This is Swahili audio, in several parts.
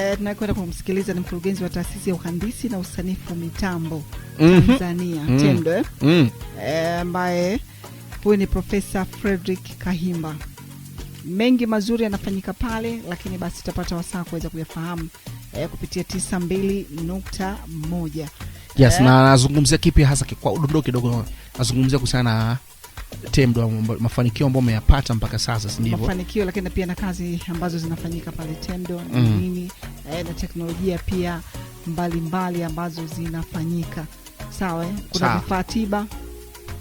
E, kumsikiliza ni mkurugenzi wa taasisi ya uhandisi na usanifu mitambo mm -hmm. Tanzania mm -hmm. eh? mm -hmm. ambaye e, huyu ni Profesa Frederick Kahimba. Mengi mazuri yanafanyika pale, lakini basi tutapata wasaa kuweza kuyafahamu e, kupitia 92.1 yes, e, na nazungumzia kipi hasa, kwa udondoo kidogo nazungumzia kuhusiana na Temdo, mafanikio ambayo umeyapata mpaka sasa, si ndivyo? Mafanikio, lakini pia na kazi ambazo zinafanyika pale Temdo na mm. nini eh, na teknolojia pia mbalimbali mbali ambazo zinafanyika sawa. Eh? Kuna vifaa tiba,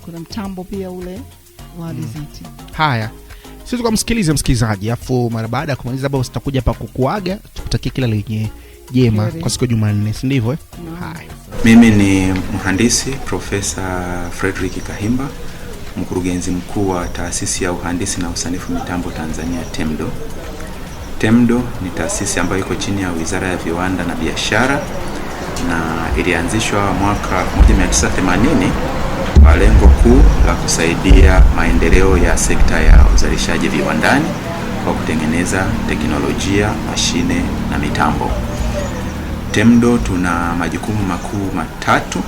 kuna mtambo pia ule wa riziti mm. haya sisi tukamsikilize msikilizaji, afu mara baada ya kumaliza labda usitakuja pa kukuaga, tukutakia kila lenye jema kwa siku ya Jumanne, si ndivyo? Eh? Haya, mimi ni mhandisi Profesa Frederick Kahimba mkurugenzi mkuu wa taasisi ya uhandisi na usanifu mitambo Tanzania TEMDO. TEMDO ni taasisi ambayo iko chini ya Wizara ya Viwanda na Biashara na ilianzishwa mwaka 1980 kwa lengo kuu la kusaidia maendeleo ya sekta ya uzalishaji viwandani kwa kutengeneza teknolojia, mashine na mitambo. TEMDO tuna majukumu makuu matatu.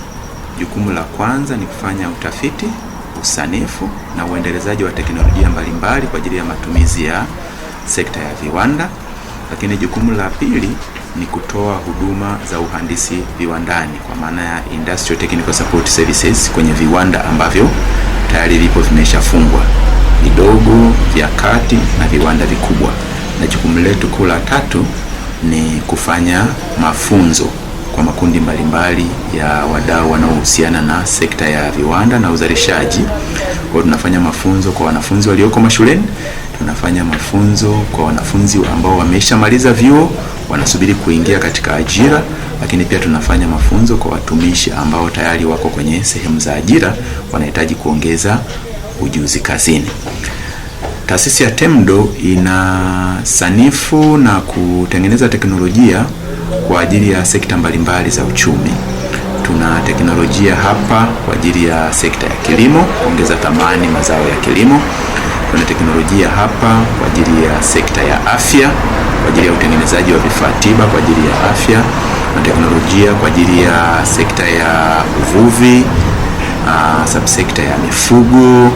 Jukumu la kwanza ni kufanya utafiti usanifu na uendelezaji wa teknolojia mbalimbali kwa ajili ya matumizi ya sekta ya viwanda. Lakini jukumu la pili ni kutoa huduma za uhandisi viwandani kwa maana ya industrial technical support services kwenye viwanda ambavyo tayari vipo vimeshafungwa, vidogo, vya kati na viwanda vikubwa. Na jukumu letu kuu la tatu ni kufanya mafunzo kwa makundi mbalimbali ya wadau wanaohusiana na sekta ya viwanda na uzalishaji. Kwa tunafanya mafunzo kwa wanafunzi walioko mashuleni, tunafanya mafunzo kwa wanafunzi ambao wameshamaliza vyuo wanasubiri kuingia katika ajira, lakini pia tunafanya mafunzo kwa watumishi ambao tayari wako kwenye sehemu za ajira wanahitaji kuongeza ujuzi kazini. Taasisi ya TEMDO ina sanifu na kutengeneza teknolojia kwa ajili ya sekta mbalimbali za uchumi. Tuna teknolojia hapa kwa ajili ya sekta ya kilimo kuongeza thamani mazao ya kilimo. Tuna teknolojia hapa kwa ajili ya sekta ya afya kwa ajili ya utengenezaji wa vifaa tiba kwa ajili ya afya, na teknolojia kwa ajili ya sekta ya uvuvi, uh, subsekta ya mifugo,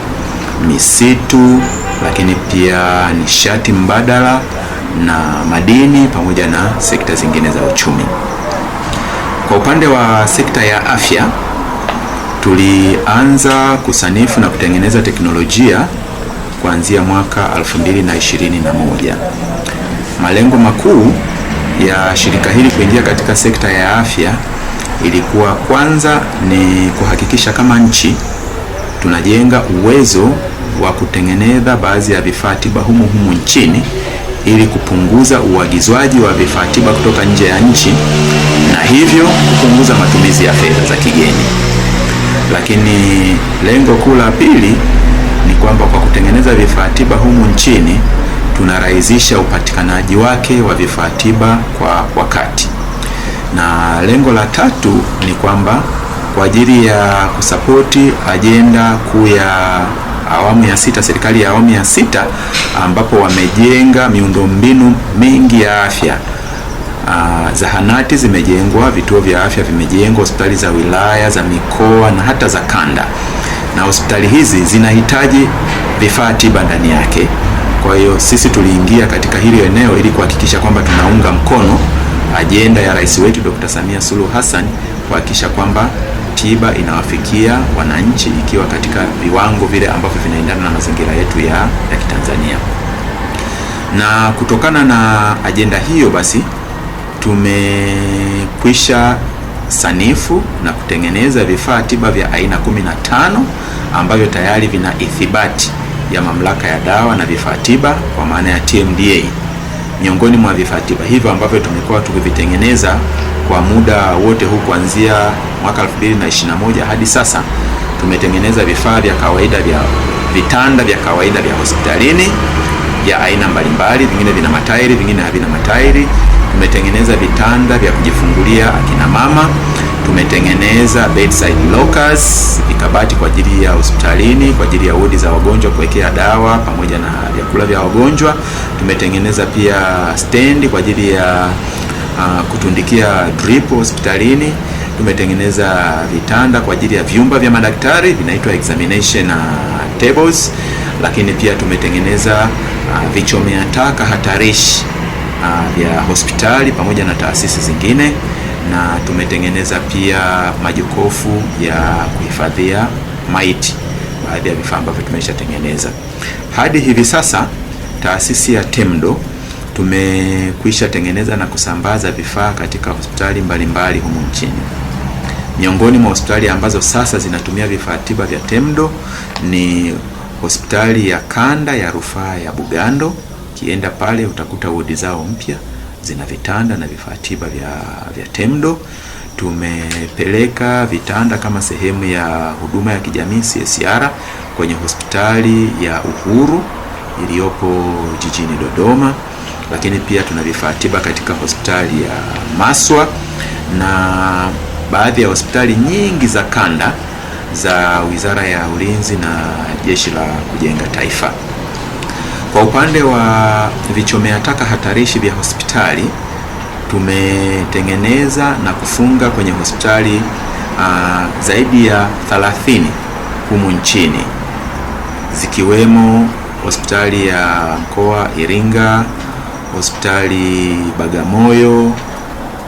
misitu, lakini pia nishati mbadala na madini pamoja na sekta zingine za uchumi. Kwa upande wa sekta ya afya, tulianza kusanifu na kutengeneza teknolojia kuanzia mwaka 2021. Malengo makuu ya shirika hili kuingia katika sekta ya afya ilikuwa kwanza ni kuhakikisha kama nchi tunajenga uwezo wa kutengeneza baadhi ya vifaa tiba humu humu nchini ili kupunguza uagizwaji wa vifaa tiba kutoka nje ya nchi na hivyo kupunguza matumizi ya fedha za kigeni. Lakini lengo kuu la pili ni kwamba kwa kutengeneza vifaa tiba humu nchini tunarahisisha upatikanaji wake wa vifaa tiba kwa wakati. Na lengo la tatu ni kwamba kwa ajili ya kusapoti ajenda kuu ya awamu ya sita, serikali ya awamu ya sita, ambapo wamejenga miundombinu mingi ya afya. Uh, zahanati zimejengwa, vituo vya afya vimejengwa, hospitali za wilaya, za mikoa na hata za kanda, na hospitali hizi zinahitaji vifaa tiba ndani yake. Kwa hiyo sisi tuliingia katika hili eneo ili kuhakikisha kwamba tunaunga mkono ajenda ya rais wetu Dr. Samia Suluhu Hassan kuhakikisha kwamba tiba inawafikia wananchi ikiwa katika viwango vile ambavyo vinaendana na mazingira yetu ya, ya Kitanzania. Na kutokana na ajenda hiyo basi tumekwisha sanifu na kutengeneza vifaa tiba vya aina 15 ambavyo tayari vina ithibati ya mamlaka ya dawa na vifaa tiba kwa maana ya TMDA. Miongoni mwa vifaa tiba hivyo ambavyo tumekuwa tukivitengeneza kwa muda wote huu kuanzia mwaka 2021 hadi sasa tumetengeneza vifaa vya kawaida vya vitanda vya kawaida vya hospitalini vya aina mbalimbali, vingine vina matairi, vingine havina matairi. Tumetengeneza vitanda vya kujifungulia akina mama, tumetengeneza bedside lockers, vikabati kwa ajili ya hospitalini kwa ajili ya wodi za wagonjwa kuwekea dawa pamoja na vyakula vya wagonjwa. Tumetengeneza pia stendi kwa ajili ya uh, kutundikia drip hospitalini. Tumetengeneza vitanda kwa ajili ya vyumba vya madaktari vinaitwa examination uh, tables, lakini pia tumetengeneza uh, vichomea taka hatarishi uh, vya hospitali pamoja na taasisi zingine, na tumetengeneza pia majokofu ya kuhifadhia maiti, baadhi ya vifaa ambavyo tumeshatengeneza. Hadi hivi sasa taasisi ya TEMDO Tumekwisha tengeneza na kusambaza vifaa katika hospitali mbalimbali humu nchini. Miongoni mwa hospitali ambazo sasa zinatumia vifaa tiba vya TEMDO ni hospitali ya kanda ya rufaa ya Bugando. Ukienda pale utakuta wodi zao mpya zina vitanda na vifaa tiba vya, vya TEMDO. Tumepeleka vitanda kama sehemu ya huduma ya kijamii CSR kwenye hospitali ya Uhuru iliyopo jijini Dodoma lakini pia tuna vifaa tiba katika hospitali ya Maswa na baadhi ya hospitali nyingi za kanda za Wizara ya Ulinzi na Jeshi la Kujenga Taifa. Kwa upande wa vichomea taka hatarishi vya hospitali tumetengeneza na kufunga kwenye hospitali uh, zaidi ya 30 humu nchini zikiwemo hospitali ya mkoa Iringa hospitali Bagamoyo,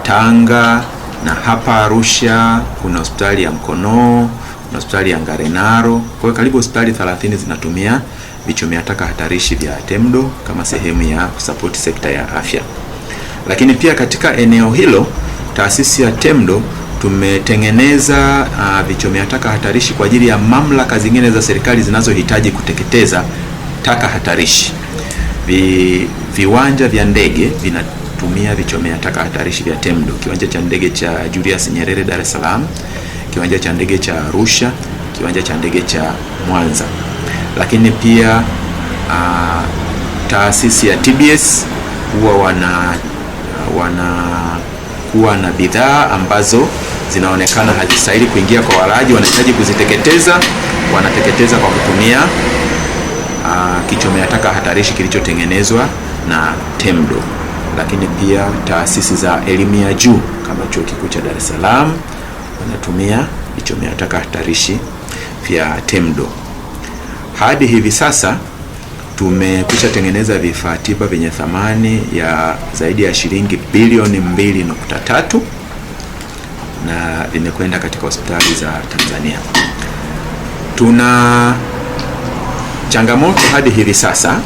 Tanga na hapa Arusha kuna hospitali ya Mkonoo, kuna hospitali ya Ngarenaro. Kwa hiyo karibu hospitali 30 zinatumia vichomea taka hatarishi vya TEMDO kama sehemu ya kusapoti sekta ya afya. Lakini pia katika eneo hilo taasisi ya TEMDO tumetengeneza uh, vichomea taka hatarishi kwa ajili ya mamlaka zingine za serikali zinazohitaji kuteketeza taka hatarishi vi, viwanja vya ndege vinatumia vichomea taka hatarishi vya TEMDO, kiwanja cha ndege cha Julius Nyerere Dar es Salaam, kiwanja cha ndege cha Arusha, kiwanja cha ndege cha Mwanza. Lakini pia a, ah, taasisi ya TBS huwa wana wanakuwa na bidhaa ambazo zinaonekana hazistahili kuingia kwa walaji, wanahitaji kuziteketeza, wanateketeza kwa kutumia uh, ah, kichomea taka hatarishi kilichotengenezwa na TEMDO, lakini pia taasisi za elimu ya juu kama Chuo Kikuu cha Dar es Salaam wanatumia vichomea taka hatarishi vya TEMDO. Hadi hivi sasa tumekwisha tengeneza vifaa tiba vyenye thamani ya zaidi ya shilingi bilioni 2.3 na vimekwenda katika hospitali za Tanzania. Tuna Changamoto hadi hivi sasa,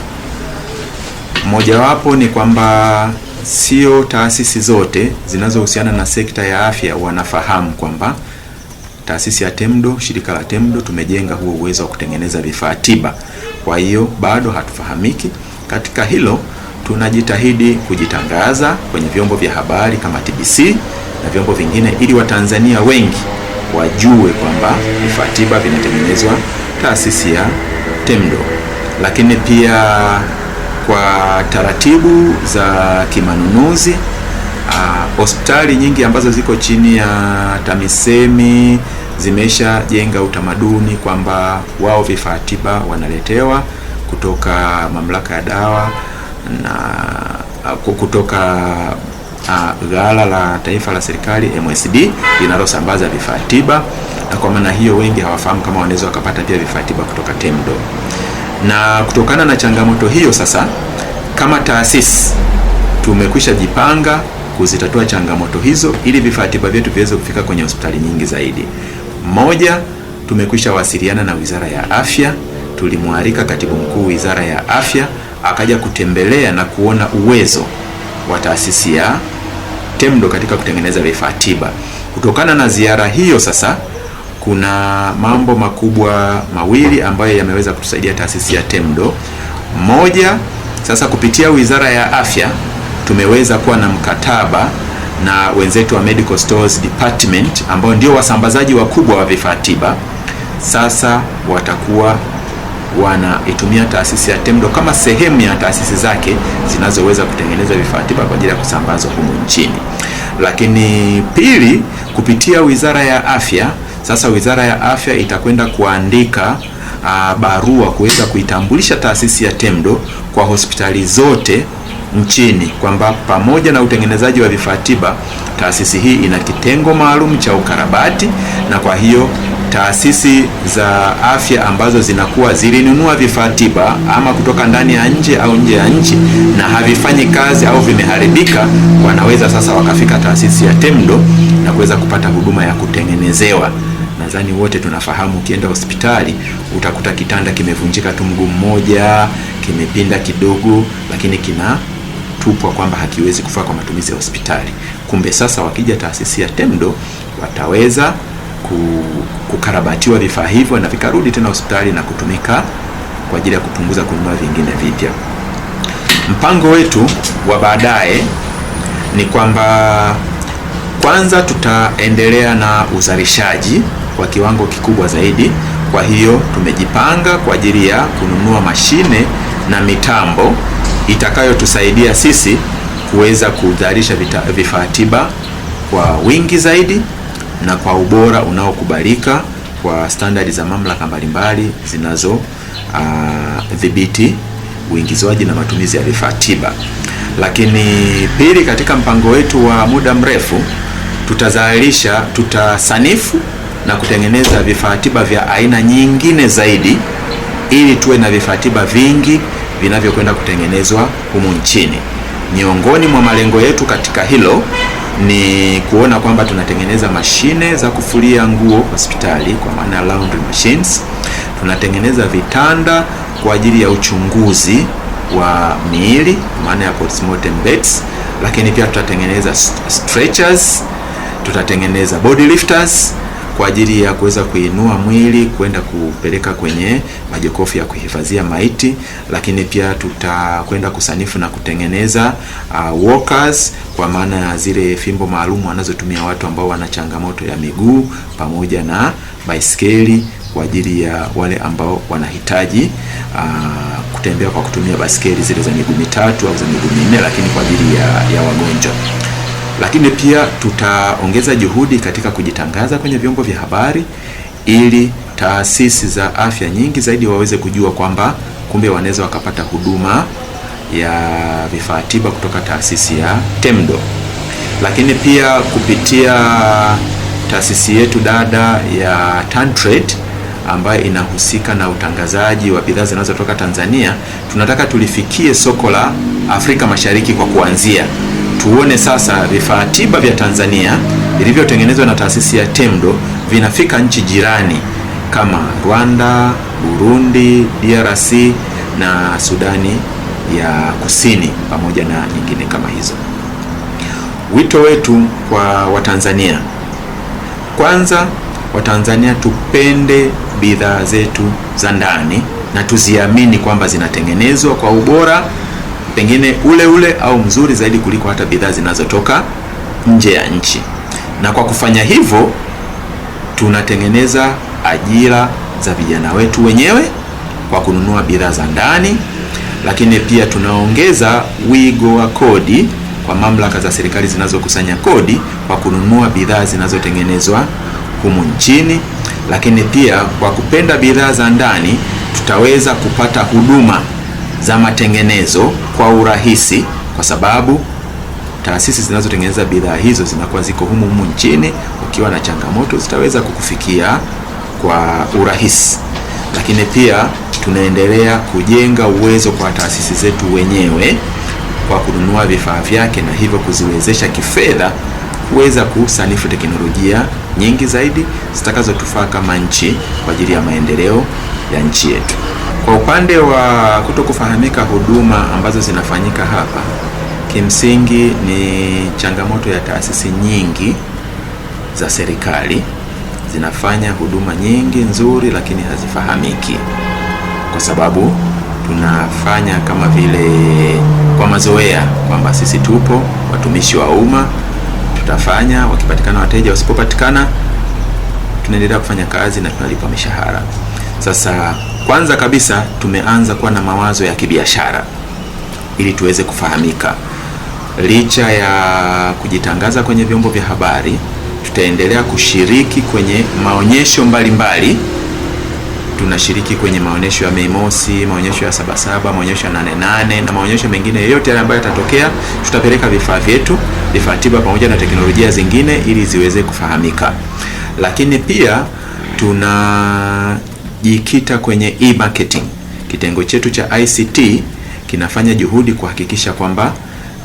mojawapo ni kwamba sio taasisi zote zinazohusiana na sekta ya afya wanafahamu kwamba taasisi ya TEMDO, shirika la TEMDO tumejenga huo uwezo wa kutengeneza vifaa tiba. Kwa hiyo bado hatufahamiki. Katika hilo tunajitahidi kujitangaza kwenye vyombo vya habari kama TBC na vyombo vingine, ili Watanzania wengi wajue kwamba vifaa tiba vinatengenezwa taasisi ya vitendo, lakini pia kwa taratibu za kimanunuzi. Ah, hospitali uh, nyingi ambazo ziko chini ya TAMISEMI zimeshajenga utamaduni kwamba wao vifaa tiba wanaletewa kutoka mamlaka ya dawa na ah, kutoka uh, ghala la taifa la serikali MSD linalosambaza vifaa tiba, na kwa maana hiyo wengi hawafahamu kama wanaweza wakapata pia vifaa tiba kutoka TEMDO. Na kutokana na changamoto hiyo sasa, kama taasisi tumekwisha jipanga kuzitatua changamoto hizo ili vifaa tiba vyetu viweze kufika kwenye hospitali nyingi zaidi. Moja, tumekwisha wasiliana na Wizara ya Afya, tulimwalika katibu mkuu Wizara ya Afya akaja kutembelea na kuona uwezo wa taasisi ya TEMDO katika kutengeneza vifaa tiba. Kutokana na ziara hiyo sasa kuna mambo makubwa mawili ambayo yameweza kutusaidia taasisi ya TEMDO. Moja, sasa kupitia Wizara ya Afya tumeweza kuwa na mkataba na wenzetu wa Medical Stores Department ambao ndio wasambazaji wakubwa wa vifaa tiba. Sasa watakuwa wanaitumia taasisi ya TEMDO kama sehemu ya taasisi zake zinazoweza kutengeneza vifaa tiba kwa ajili ya kusambazwa humu nchini. Lakini pili, kupitia Wizara ya Afya, sasa Wizara ya Afya itakwenda kuandika uh, barua kuweza kuitambulisha taasisi ya TEMDO kwa hospitali zote nchini kwamba pamoja na utengenezaji wa vifaa tiba, taasisi hii ina kitengo maalum cha ukarabati, na kwa hiyo taasisi za afya ambazo zinakuwa zilinunua vifaa tiba ama kutoka ndani ya nje au nje ya nchi na havifanyi kazi au vimeharibika, wanaweza sasa wakafika taasisi ya TEMDO na kuweza kupata huduma ya kutengenezewa. Nadhani wote tunafahamu, ukienda hospitali utakuta kitanda kimevunjika tu mguu mmoja, kimepinda kidogo, lakini kina tupwa kwamba hakiwezi kufaa kwa matumizi ya hospitali. Kumbe sasa wakija taasisi ya TEMDO wataweza kukarabatiwa vifaa hivyo na vikarudi tena hospitali na kutumika kwa ajili ya kupunguza kununua vingine vipya. Mpango wetu wa baadaye ni kwamba kwanza tutaendelea na uzalishaji kwa kiwango kikubwa zaidi. Kwa hiyo tumejipanga kwa ajili ya kununua mashine na mitambo itakayotusaidia sisi kuweza kuzalisha vifaa tiba kwa wingi zaidi na kwa ubora unaokubalika kwa standardi za mamlaka mbalimbali zinazodhibiti ah, uh, uingizwaji na matumizi ya vifaa tiba. Lakini pili, katika mpango wetu wa muda mrefu tutazalisha, tutasanifu na kutengeneza vifaa tiba vya aina nyingine zaidi ili tuwe na vifaa tiba vingi vinavyokwenda kutengenezwa humu nchini. Miongoni mwa malengo yetu katika hilo ni kuona kwamba tunatengeneza mashine za kufulia nguo hospitali kwa maana laundry machines. Tunatengeneza vitanda kwa ajili ya uchunguzi wa miili maana ya postmortem beds, lakini pia tutatengeneza stretchers, tutatengeneza body lifters kwa ajili ya kuweza kuinua mwili kwenda kupeleka kwenye majokofu ya kuhifadhia maiti, lakini pia tutakwenda kusanifu na kutengeneza uh, walkers kwa maana ya zile fimbo maalum wanazotumia watu ambao wana changamoto ya miguu pamoja na baiskeli kwa ajili ya wale ambao wanahitaji uh, kutembea kwa kutumia baiskeli zile za miguu mitatu au za miguu minne, lakini kwa ajili ya, ya wagonjwa lakini pia tutaongeza juhudi katika kujitangaza kwenye vyombo vya habari ili taasisi za afya nyingi zaidi waweze kujua kwamba kumbe wanaweza wakapata huduma ya vifaa tiba kutoka taasisi ya TEMDO. Lakini pia kupitia taasisi yetu dada ya Tantrade ambayo inahusika na utangazaji wa bidhaa zinazotoka Tanzania, tunataka tulifikie soko la Afrika Mashariki kwa kuanzia tuone sasa vifaa tiba vya Tanzania vilivyotengenezwa na taasisi ya TEMDO vinafika nchi jirani kama Rwanda, Burundi, DRC na Sudani ya Kusini pamoja na nyingine kama hizo. Wito wetu kwa Watanzania, kwanza Watanzania tupende bidhaa zetu za ndani na tuziamini kwamba zinatengenezwa kwa ubora pengine ule ule au mzuri zaidi kuliko hata bidhaa zinazotoka nje ya nchi. Na kwa kufanya hivyo tunatengeneza ajira za vijana wetu wenyewe kwa kununua bidhaa za ndani, lakini pia tunaongeza wigo wa kodi kwa mamlaka za serikali zinazokusanya kodi kwa kununua bidhaa zinazotengenezwa humu nchini, lakini pia kwa kupenda bidhaa za ndani tutaweza kupata huduma za matengenezo kwa urahisi, kwa sababu taasisi zinazotengeneza bidhaa hizo zinakuwa ziko humu humu nchini. Ukiwa na changamoto, zitaweza kukufikia kwa urahisi. Lakini pia tunaendelea kujenga uwezo kwa taasisi zetu wenyewe kwa kununua vifaa vyake na hivyo kuziwezesha kifedha kuweza kusanifu teknolojia nyingi zaidi zitakazotufaa kama nchi kwa ajili ya maendeleo ya nchi yetu. Kwa upande wa kutokufahamika huduma ambazo zinafanyika hapa, kimsingi ni changamoto ya taasisi nyingi za serikali zinafanya huduma nyingi nzuri, lakini hazifahamiki kwa sababu tunafanya kama vile kwa mazoea kwamba sisi tupo watumishi wa umma, tutafanya, wakipatikana wateja, wasipopatikana tunaendelea kufanya kazi na tunalipwa mishahara. Sasa kwanza kabisa tumeanza kuwa na mawazo ya kibiashara ili tuweze kufahamika. Licha ya kujitangaza kwenye vyombo vya habari, tutaendelea kushiriki kwenye maonyesho mbalimbali mbali. Tunashiriki kwenye maonyesho ya Mei Mosi, maonyesho ya Sabasaba, maonyesho ya Nane Nane na maonyesho mengine yote yale ambayo yatatokea. Tutapeleka vifaa vyetu, vifaa tiba pamoja na teknolojia zingine ili ziweze kufahamika, lakini pia tuna kujikita kwenye e-marketing. Kitengo chetu cha ICT kinafanya juhudi kuhakikisha kwamba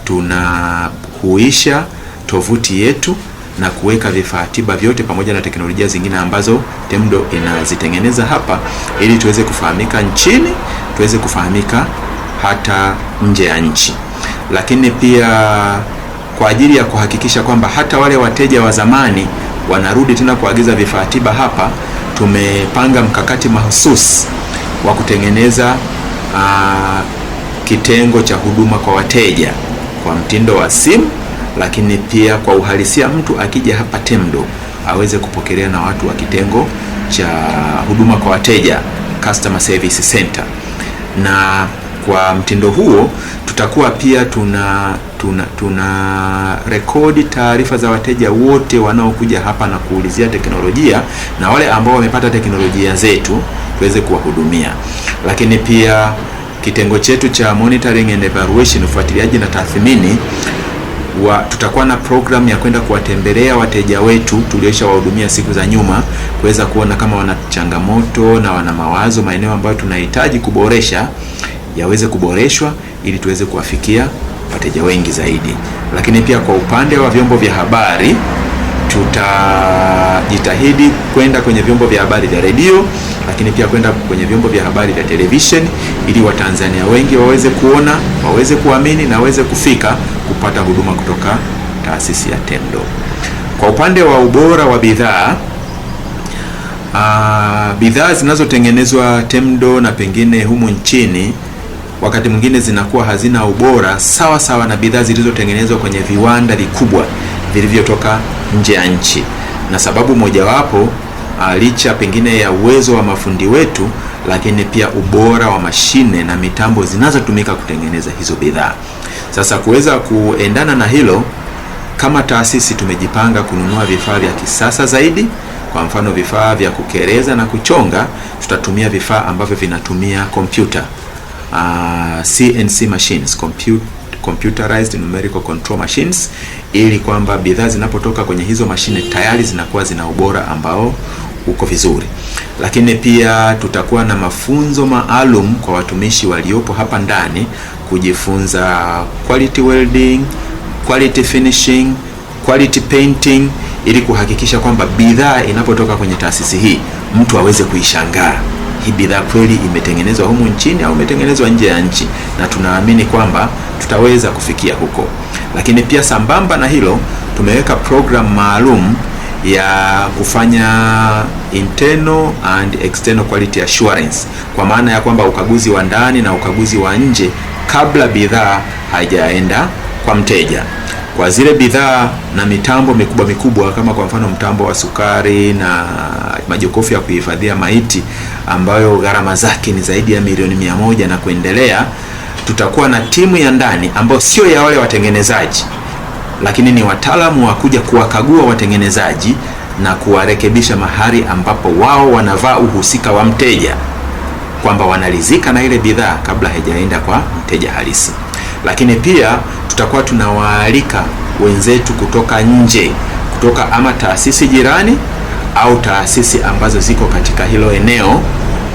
tunahuisha tovuti yetu na kuweka vifaa tiba vyote pamoja na teknolojia zingine ambazo TEMDO inazitengeneza hapa ili tuweze kufahamika nchini, tuweze kufahamika hata nje ya nchi. Lakini pia kwa ajili ya kuhakikisha kwamba hata wale wateja wa zamani wanarudi tena kuagiza vifaa tiba hapa, tumepanga mkakati mahususi wa kutengeneza ah, kitengo cha huduma kwa wateja kwa mtindo wa simu, lakini pia kwa uhalisia, mtu akija hapa TEMDO aweze kupokelea na watu wa kitengo cha huduma kwa wateja, customer service center na kwa mtindo huo tutakuwa pia tuna tuna, tuna rekodi taarifa za wateja wote wanaokuja hapa na kuulizia teknolojia na wale ambao wamepata teknolojia zetu tuweze kuwahudumia. Lakini pia kitengo chetu cha monitoring and evaluation, ufuatiliaji na tathmini wa, tutakuwa na programu ya kwenda kuwatembelea wateja wetu tulioshawahudumia siku za nyuma kuweza kuona kama wana changamoto na wana mawazo maeneo ambayo tunahitaji kuboresha yaweze kuboreshwa ili tuweze kuwafikia wateja wengi zaidi. Lakini pia kwa upande wa vyombo vya habari tutajitahidi kwenda kwenye vyombo vya habari vya redio, lakini pia kwenda kwenye vyombo vya habari vya television ili Watanzania wengi waweze kuona, waweze kuamini na waweze kufika kupata huduma kutoka taasisi ya TEMDO. Kwa upande wa ubora wa bidhaa ah, bidhaa zinazotengenezwa TEMDO na pengine humu nchini wakati mwingine zinakuwa hazina ubora sawa sawa na bidhaa zilizotengenezwa kwenye viwanda vikubwa vilivyotoka nje ya nchi. Na sababu mojawapo ah, licha pengine ya uwezo wa mafundi wetu, lakini pia ubora wa mashine na mitambo zinazotumika kutengeneza hizo bidhaa. Sasa kuweza kuendana na hilo, kama taasisi tumejipanga kununua vifaa vya kisasa zaidi. Kwa mfano, vifaa vya kukereza na kuchonga, tutatumia vifaa ambavyo vinatumia kompyuta uh, CNC machines compute, computerized numerical control machines, ili kwamba bidhaa zinapotoka kwenye hizo mashine tayari zinakuwa zina ubora ambao uko vizuri. Lakini pia tutakuwa na mafunzo maalum kwa watumishi waliopo hapa ndani kujifunza quality welding, quality finishing, quality painting ili kuhakikisha kwamba bidhaa inapotoka kwenye taasisi hii mtu aweze kuishangaa hii bidhaa kweli imetengenezwa humu nchini au imetengenezwa nje ya nchi, na tunaamini kwamba tutaweza kufikia huko. Lakini pia sambamba na hilo, tumeweka programu maalum ya kufanya internal and external quality assurance, kwa maana ya kwamba ukaguzi wa ndani na ukaguzi wa nje kabla bidhaa haijaenda kwa mteja kwa zile bidhaa na mitambo mikubwa mikubwa kama kwa mfano mtambo wa sukari na majokofu ya kuhifadhia maiti ambayo gharama zake ni zaidi ya milioni mia moja na kuendelea, tutakuwa na timu ya ndani ambayo sio ya wale watengenezaji, lakini ni wataalamu wa kuja kuwakagua watengenezaji na kuwarekebisha mahali ambapo wao wanavaa uhusika wa mteja, kwamba wanalizika na ile bidhaa kabla haijaenda kwa mteja halisi lakini pia tutakuwa tunawaalika wenzetu kutoka nje, kutoka ama taasisi jirani au taasisi ambazo ziko katika hilo eneo,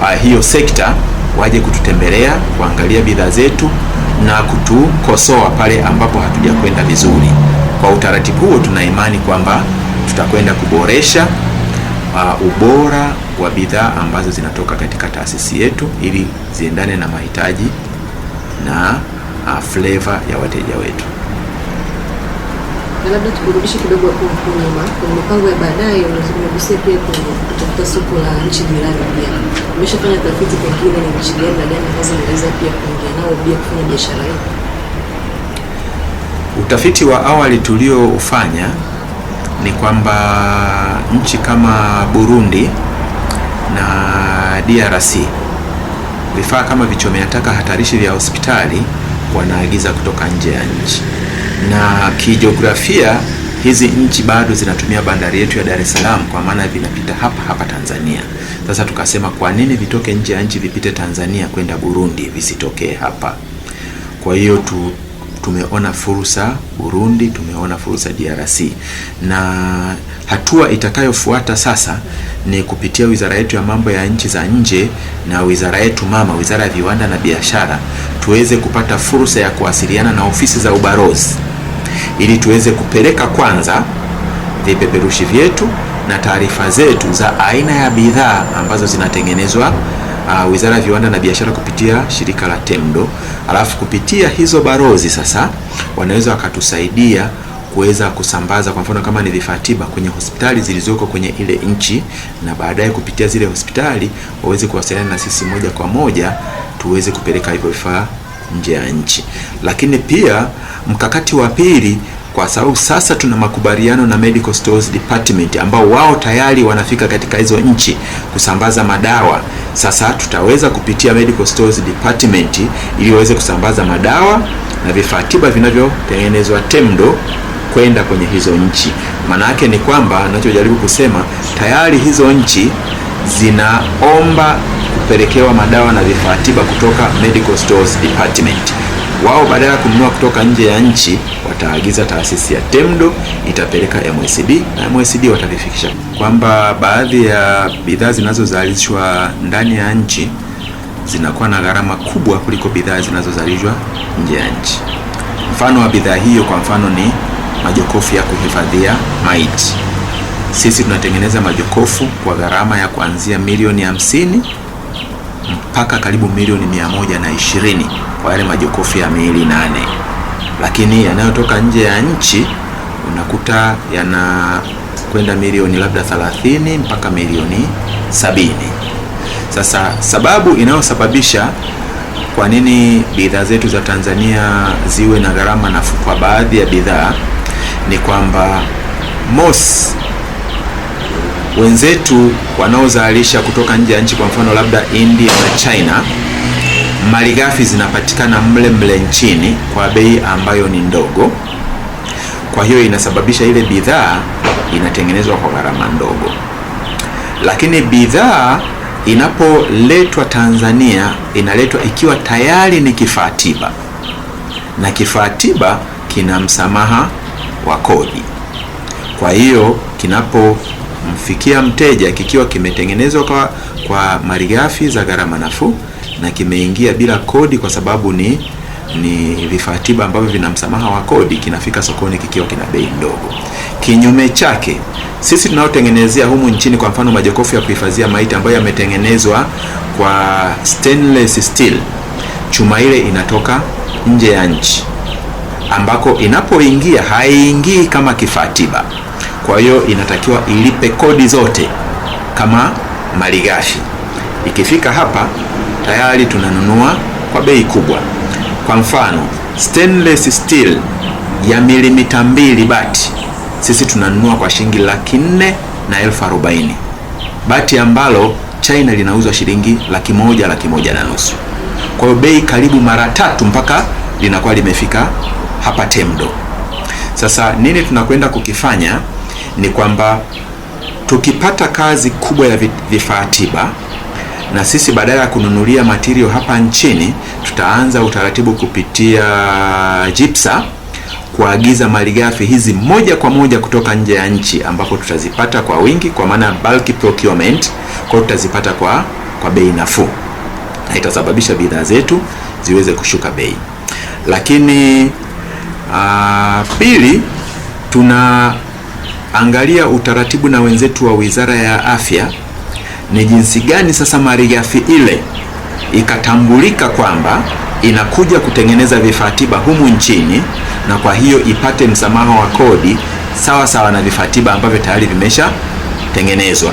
uh, hiyo sekta waje kututembelea kuangalia bidhaa zetu na kutukosoa pale ambapo hatujakwenda vizuri. Kwa utaratibu huo, tuna imani kwamba tutakwenda kuboresha uh, ubora wa bidhaa ambazo zinatoka katika taasisi yetu ili ziendane na mahitaji na uh, flavor ya wateja wetu. Labda tukurudishe kidogo hapo nyuma kwenye mipango ya baadaye, unazungumzia pia kwenye kutafuta soko la nchi jirani. Pia umeshafanya tafiti, pengine ni nchi gani na gani ambazo inaweza pia kuingia nao pia kufanya biashara hiyo? Utafiti wa awali tuliofanya ni kwamba nchi kama Burundi na DRC, vifaa kama vichomea taka hatarishi vya hospitali wanaagiza kutoka nje ya nchi, na kijiografia hizi nchi bado zinatumia bandari yetu ya Dar es Salaam kwa maana vinapita hapa hapa Tanzania. Sasa tukasema kwa nini vitoke nje ya nchi vipite Tanzania kwenda Burundi visitokee hapa? Kwa hiyo tu tumeona fursa Burundi, tumeona fursa DRC na hatua itakayofuata sasa ni kupitia wizara yetu ya mambo ya nchi za nje na wizara yetu mama, wizara ya viwanda na biashara, tuweze kupata fursa ya kuwasiliana na ofisi za ubalozi ili tuweze kupeleka kwanza vipeperushi vyetu na taarifa zetu za aina ya bidhaa ambazo zinatengenezwa uh, wizara ya viwanda na biashara kupitia shirika la TEMDO, alafu kupitia hizo barozi sasa wanaweza wakatusaidia kuweza kusambaza, kwa mfano kama ni vifaa tiba kwenye hospitali zilizoko kwenye ile nchi, na baadaye kupitia zile hospitali waweze kuwasiliana na sisi moja kwa moja tuweze kupeleka hivyo vifaa nje ya nchi. Lakini pia mkakati wa pili kwa sababu sasa tuna makubaliano na Medical Stores Department ambao wao tayari wanafika katika hizo nchi kusambaza madawa. Sasa tutaweza kupitia Medical Stores Department ili waweze kusambaza madawa na vifaa tiba vinavyotengenezwa TEMDO kwenda kwenye hizo nchi. Maana yake ni kwamba anachojaribu kusema tayari hizo nchi zinaomba kupelekewa madawa na vifaa tiba kutoka Medical Stores Department. Wao badala ya kununua kutoka nje ya nchi, wataagiza taasisi ya TEMDO itapeleka MSD na MSD watavifikisha. Kwamba baadhi ya bidhaa zinazozalishwa ndani ya nchi zinakuwa na gharama kubwa kuliko bidhaa zinazozalishwa nje ya nchi. Mfano wa bidhaa hiyo kwa mfano ni majokofu ya kuhifadhia maiti. Sisi tunatengeneza majokofu kwa gharama ya kuanzia milioni hamsini mpaka karibu milioni mia moja na ishirini kwa yale majokofu ya miili nane, lakini yanayotoka nje ya nchi unakuta yana kwenda milioni labda 30 mpaka milioni sabini. Sasa sababu inayosababisha kwa nini bidhaa zetu za Tanzania ziwe na gharama nafuu kwa baadhi ya bidhaa ni kwamba mosi, wenzetu wanaozalisha kutoka nje ya nchi, kwa mfano labda India na China, malighafi zinapatikana mle mle nchini kwa bei ambayo ni ndogo. Kwa hiyo inasababisha ile bidhaa inatengenezwa kwa gharama ndogo, lakini bidhaa inapoletwa Tanzania inaletwa ikiwa tayari ni kifaa tiba, na kifaa tiba kina msamaha wa kodi. Kwa hiyo kinapomfikia mteja kikiwa kimetengenezwa kwa, kwa malighafi za gharama nafuu na kimeingia bila kodi kwa sababu ni ni vifaa tiba ambavyo vina msamaha wa kodi, kinafika sokoni kikiwa kina bei ndogo. Kinyume chake, sisi tunaotengenezea humu nchini, kwa mfano majokofu ya kuhifadhia maiti ambayo yametengenezwa kwa stainless steel, chuma ile inatoka nje ya nchi ambako inapoingia haiingii kama kifaa tiba. Kwa hiyo inatakiwa ilipe kodi zote kama malighafi. Ikifika hapa tayari tunanunua kwa bei kubwa. Kwa mfano stainless steel ya milimita mbili bati sisi tunanunua kwa shilingi laki nne na elfu arobaini bati ambalo China linauzwa shilingi laki moja laki moja na nusu. Kwa hiyo bei karibu mara tatu mpaka linakuwa limefika hapa TEMDO. Sasa nini tunakwenda kukifanya ni kwamba tukipata kazi kubwa ya vifaa tiba na sisi badala ya kununulia material hapa nchini tutaanza utaratibu kupitia JIPSA kuagiza malighafi hizi moja kwa moja kutoka nje ya nchi ambapo tutazipata kwa wingi, kwa maana bulk procurement, kwa tutazipata kwa, kwa bei nafuu na itasababisha bidhaa zetu ziweze kushuka bei, lakini A, ah, pili tunaangalia utaratibu na wenzetu wa Wizara ya Afya ni jinsi gani sasa malighafi ile ikatambulika kwamba inakuja kutengeneza vifaa tiba humu nchini na kwa hiyo ipate msamaha wa kodi sawa sawa na vifaa tiba ambavyo tayari vimeshatengenezwa,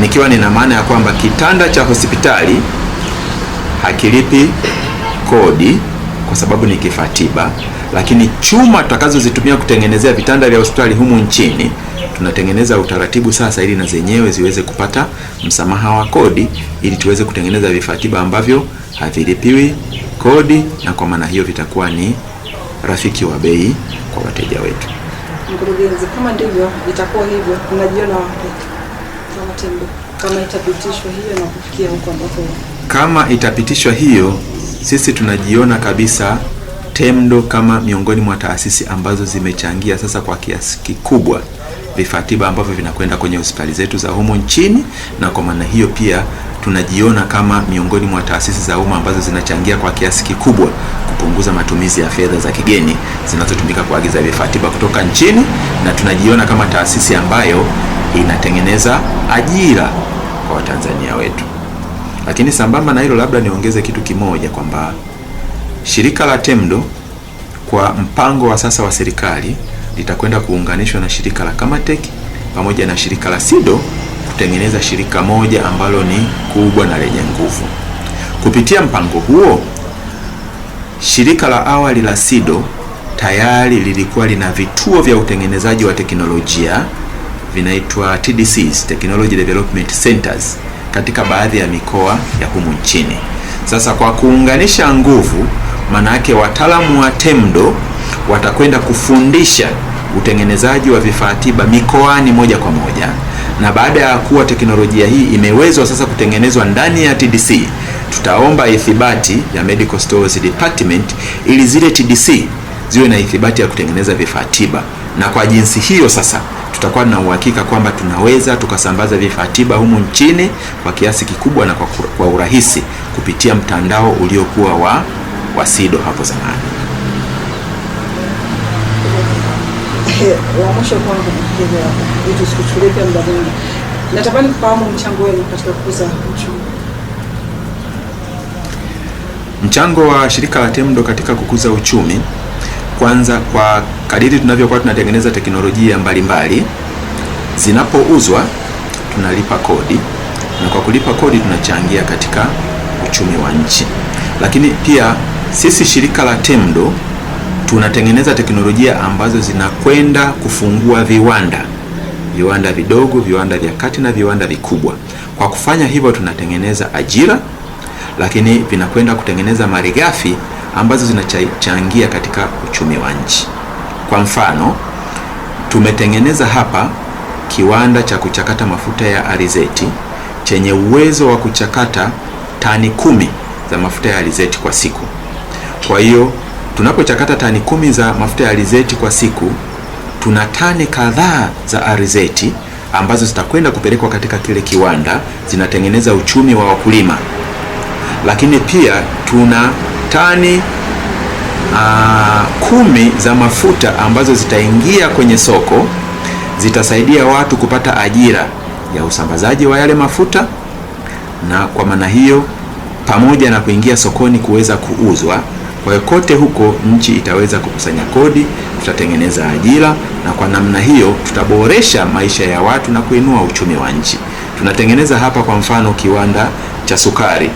nikiwa nina maana ya kwamba kitanda cha hospitali hakilipi kodi kwa sababu ni kifaa tiba, lakini chuma tutakazozitumia kutengenezea vitanda vya hospitali humu nchini tunatengeneza utaratibu sasa, ili na zenyewe ziweze kupata msamaha wa kodi, ili tuweze kutengeneza vifaa tiba ambavyo havilipiwi kodi, na kwa maana hiyo vitakuwa ni rafiki wa bei kwa wateja wetu. Mkurugenzi, kama ndivyo itakuwa hivyo, unajiona kama itapitishwa hiyo na kufikia huko ambapo, kama itapitishwa hiyo, sisi tunajiona kabisa TEMDO kama miongoni mwa taasisi ambazo zimechangia sasa kwa kiasi kikubwa vifaa tiba ambavyo vinakwenda kwenye hospitali zetu za humo nchini, na kwa maana hiyo pia tunajiona kama miongoni mwa taasisi za umma ambazo zinachangia kwa kiasi kikubwa kupunguza matumizi ya fedha za kigeni zinazotumika kuagiza vifaa tiba kutoka nchini, na tunajiona kama taasisi ambayo inatengeneza ajira kwa Watanzania wetu. Lakini sambamba na hilo, labda niongeze kitu kimoja kwamba Shirika la TEMDO kwa mpango wa sasa wa serikali litakwenda kuunganishwa na shirika la Kamatek pamoja na shirika la SIDO kutengeneza shirika moja ambalo ni kubwa na lenye nguvu. Kupitia mpango huo, shirika la awali la SIDO tayari lilikuwa lina vituo vya utengenezaji wa teknolojia vinaitwa TDCs, Technology Development Centers, katika baadhi ya mikoa ya humu nchini. Sasa kwa kuunganisha nguvu Maanake wataalamu wa TEMDO watakwenda kufundisha utengenezaji wa vifaa tiba mikoani moja kwa moja, na baada ya kuwa teknolojia hii imewezwa sasa kutengenezwa ndani ya TDC, tutaomba ithibati ya Medical Stores Department ili zile TDC ziwe na ithibati ya kutengeneza vifaa tiba, na kwa jinsi hiyo sasa tutakuwa na uhakika kwamba tunaweza tukasambaza vifaa tiba humu nchini kwa kiasi kikubwa na kwa, kwa urahisi kupitia mtandao uliokuwa wa wa SIDO hapo zamani. Eh, mchango wa shirika la TEMDO katika kukuza uchumi, kwanza, kwa kadiri tunavyokuwa tunatengeneza teknolojia mbalimbali zinapouzwa, tunalipa kodi na kwa kulipa kodi tunachangia katika uchumi wa nchi, lakini pia sisi shirika la TEMDO tunatengeneza teknolojia ambazo zinakwenda kufungua viwanda, viwanda vidogo, viwanda vya kati na viwanda vikubwa. Kwa kufanya hivyo, tunatengeneza ajira, lakini vinakwenda kutengeneza malighafi ambazo zinachangia katika uchumi wa nchi. Kwa mfano, tumetengeneza hapa kiwanda cha kuchakata mafuta ya alizeti chenye uwezo wa kuchakata tani kumi za mafuta ya alizeti kwa siku. Kwa hiyo tunapochakata tani kumi za mafuta ya alizeti kwa siku, tuna tani kadhaa za alizeti ambazo zitakwenda kupelekwa katika kile kiwanda, zinatengeneza uchumi wa wakulima. Lakini pia tuna tani aa, ah, kumi za mafuta ambazo zitaingia kwenye soko, zitasaidia watu kupata ajira ya usambazaji wa yale mafuta, na kwa maana hiyo pamoja na kuingia sokoni kuweza kuuzwa kwa hiyo kote huko nchi itaweza kukusanya kodi, tutatengeneza ajira, na kwa namna hiyo tutaboresha maisha ya watu na kuinua uchumi wa nchi. Tunatengeneza hapa kwa mfano kiwanda cha sukari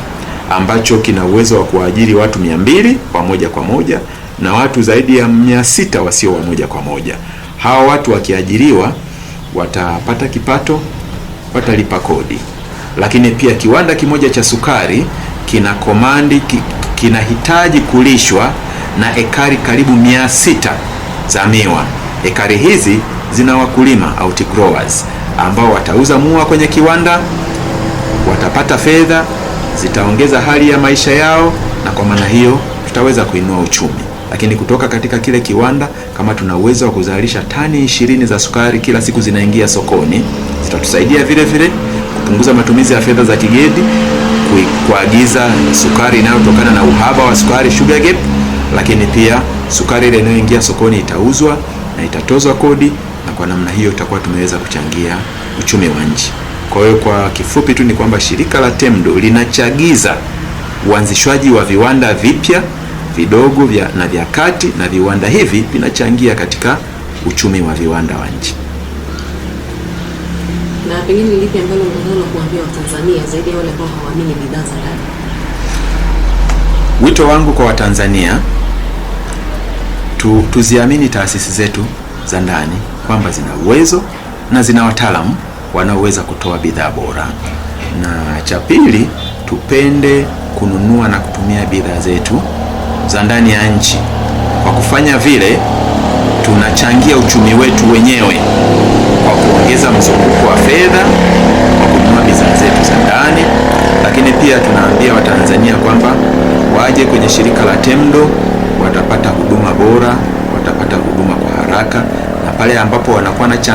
ambacho kina uwezo wa kuajiri watu mia mbili wa moja kwa moja na watu zaidi ya mia sita wasio wa moja kwa moja. Hawa watu wakiajiriwa watapata kipato, watalipa kodi, lakini pia kiwanda kimoja cha sukari kina komandi ki kinahitaji kulishwa na ekari karibu mia sita za miwa. Ekari hizi zina wakulima growers ambao watauza mua kwenye kiwanda, watapata fedha, zitaongeza hali ya maisha yao, na kwa maana hiyo tutaweza kuinua uchumi. Lakini kutoka katika kile kiwanda, kama tuna uwezo wa kuzalisha tani ishirini za sukari kila siku zinaingia sokoni, zitatusaidia vile vile kupunguza matumizi ya fedha za kigeni kuagiza sukari inayotokana na uhaba wa sukari sugar gap, lakini pia sukari ile inayoingia sokoni itauzwa na itatozwa kodi, na kwa namna hiyo tutakuwa tumeweza kuchangia uchumi wa nchi. Kwa hiyo kwa kifupi tu ni kwamba shirika la TEMDO linachagiza uanzishwaji wa viwanda vipya vidogo vya, na vya kati na viwanda hivi vinachangia katika uchumi wa viwanda wa nchi na pengine lipi ambalo unaweza kuambia Watanzania zaidi ya wale ambao hawaamini bidhaa za ndani? Wito wangu kwa Watanzania tu, tuziamini taasisi zetu za ndani kwamba zina uwezo na zina wataalamu wanaoweza kutoa bidhaa bora, na cha pili tupende kununua na kutumia bidhaa zetu za ndani ya nchi. Kwa kufanya vile tunachangia uchumi wetu wenyewe kuongeza mzunguko wa fedha kwa kununua bidhaa zetu za ndani, lakini pia tunaambia Watanzania kwamba waje kwenye shirika la TEMDO, watapata huduma bora, watapata huduma kwa haraka na pale ambapo wanakuwa na